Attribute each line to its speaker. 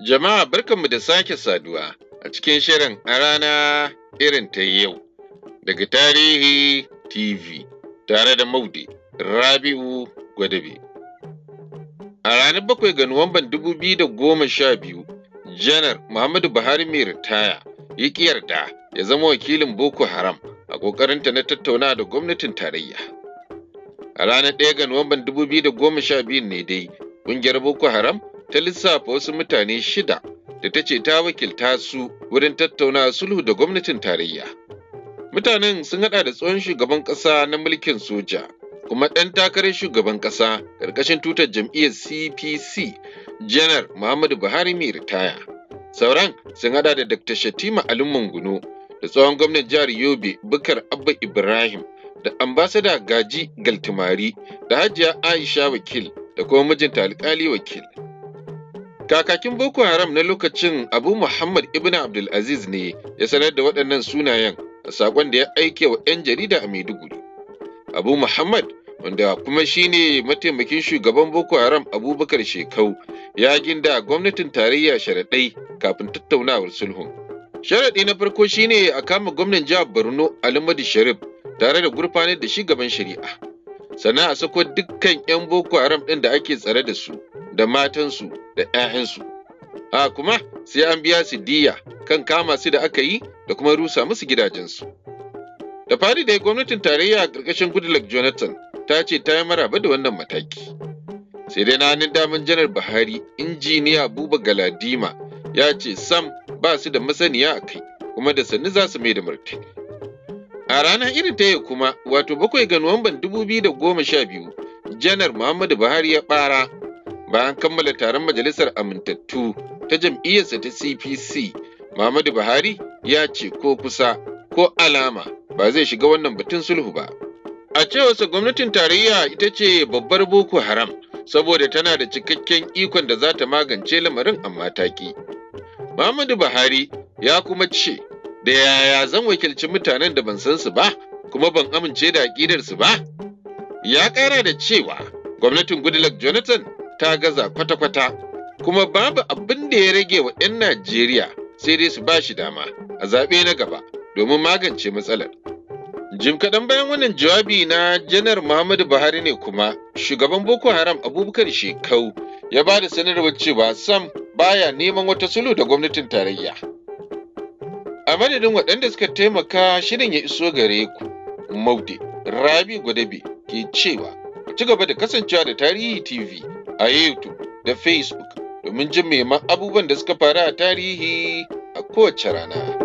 Speaker 1: Jama'a barkanmu da sake saduwa a cikin shirin a rana irin ta yau daga tarihi TV tare da Maude Rabi'u Gwadabe. A ranar bakwai ga Nuwamban dubu biyu da goma sha biyu, Janar Muhammadu Buhari mai ritaya ya yarda ya zama wakilin Boko Haram a ƙoƙarinta na tattauna da gwamnatin tarayya. A ranar ɗaya ga Nuwamban dubu biyu da goma sha biyu ne dai ƙungiyar Boko Haram ta lissafa wasu mutane shida da ta ce ta wakilta su wurin tattauna sulhu da gwamnatin tarayya. Mutanen sun haɗa da tsohon shugaban ƙasa na mulkin soja, kuma ɗan takarar shugaban ƙasa ƙarƙashin tutar jam'iyyar CPC, Janar Muhammadu Buhari mai ritaya. Sauran sun haɗa da Dr. Shatima Alin Manguno da tsohon gwamnan jihar Yobe Bukar Abba Ibrahim da ambasada Gaji Galtimari da Hajiya Aisha Wakil da kuma mijinta alƙali Wakil. Kakakin Boko Haram na lokacin Abu Muhammad Ibn Abdulaziz ne ya sanar da waɗannan sunayen a saƙon da ya aike wa 'yan jarida a Maiduguri. Abu Muhammad wanda kuma shi ne mataimakin shugaban Boko Haram Abubakar Shekau ya ginda gwamnatin tarayya sharaɗai kafin tattaunawar sulhun. Sharaɗi na farko shi ne a kama gwamnan jihar Borno Alimadu Sharif tare da gurfanar da shi gaban shari'a. Sana'a a sako dukkan 'yan Boko Haram ɗin da ake tsare da su da matansu da 'ya'yansu. A kuma sai an biya su diya kan kama su da aka yi da kuma rusa musu gidajensu. Da fari ya gwamnatin tarayya a ƙarƙashin Goodluck Jonathan ta ce ta yi maraba da wannan mataki. Sai dai na hannun daman janar Buhari injiniya Buba Galadima ya ce Sam ba su da masaniya a kai kuma da sannu za su mai da martani. A ranar irin ta kuma wato bakwai ga Nuwamban 2012 janar Muhammadu Buhari ya ɓara bayan kammala taron majalisar amintattu ta jam'iyyarsa ta cpc muhammadu buhari ya ce ko kusa ko alama ba zai shiga wannan batun sulhu ba a cewarsa gwamnatin tarayya ita ce babbar boko haram saboda tana da cikakken ikon da za ta magance lamarin amma taki muhammadu buhari ya kuma ce da yaya zan wakilci mutanen da ban san su ba kuma ban amince da aƙidarsu ba ya ƙara da cewa gwamnatin goodluck jonathan ta gaza kwata-kwata kuma babu abin da ya rage wa 'yan Najeriya sai dai su ba shi dama a zaɓe na gaba domin magance matsalar. Jim kaɗan bayan wannan jawabi na janar Muhammadu Buhari ne kuma shugaban Boko Haram Abubakar Shekau ya ba da sanarwar cewa Sam baya neman wata sulhu da gwamnatin tarayya. A madadin waɗanda suka taimaka shirin ya iso gare ku, Maude, Rabi Gwadabe ke cewa, ci gaba da kasancewa da Tarihi TV. a YouTube da Facebook domin jin muhimman abubuwan da suka faru a tarihi a kowace rana.